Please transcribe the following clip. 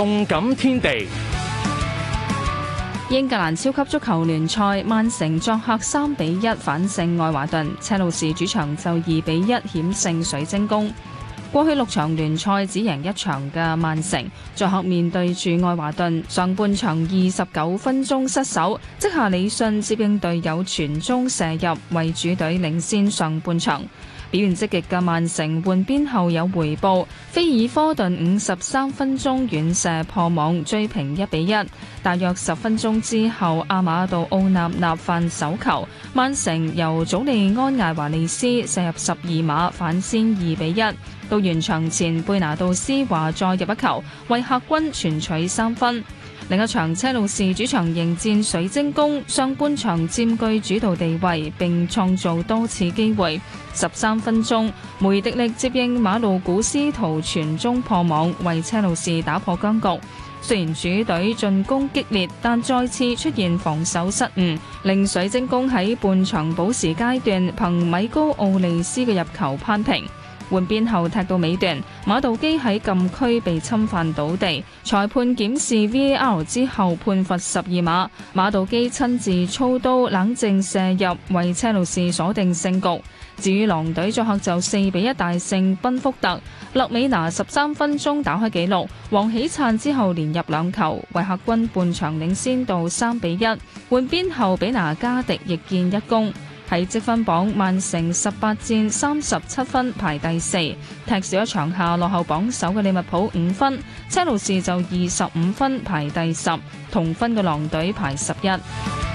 動感天地，英格蘭超級足球聯賽，曼城作客三比一反勝愛華頓，車路士主場就二比一險勝水晶宮。過去六場聯賽只贏一場嘅曼城，作客面對住愛華頓，上半場二十九分鐘失守，積夏里遜接應隊友傳中射入，為主隊領先上半場。表現積極嘅曼城換邊後有回報，菲爾科頓五十三分鐘遠射破網追平一比一。大約十分鐘之後，阿馬杜奧納納犯手球，曼城由祖利安艾華利斯射入十二碼反先二比一。到完場前，貝拿度施華再入一球，為客軍全取三分。另一場，車路士主場迎戰水晶宮，上半場佔據主導地位並創造多次機會13換邊後踢到尾段，馬度基喺禁區被侵犯倒地，裁判檢視 VAR 之後判罰十二碼，馬度基親自操刀冷靜射入，為車路士鎖定勝局。至於狼隊作客就四比一大勝賓福特，勒美拿十三分鐘打開紀錄，黃喜燦之後連入兩球，為客軍半場領先到三比一。換邊後比拿加迪亦建一功。喺積分榜，曼城十八戰三十七分排第四，踢少一場下落後榜首嘅利物浦五分，車路士就二十五分排第十，同分嘅狼隊排十一。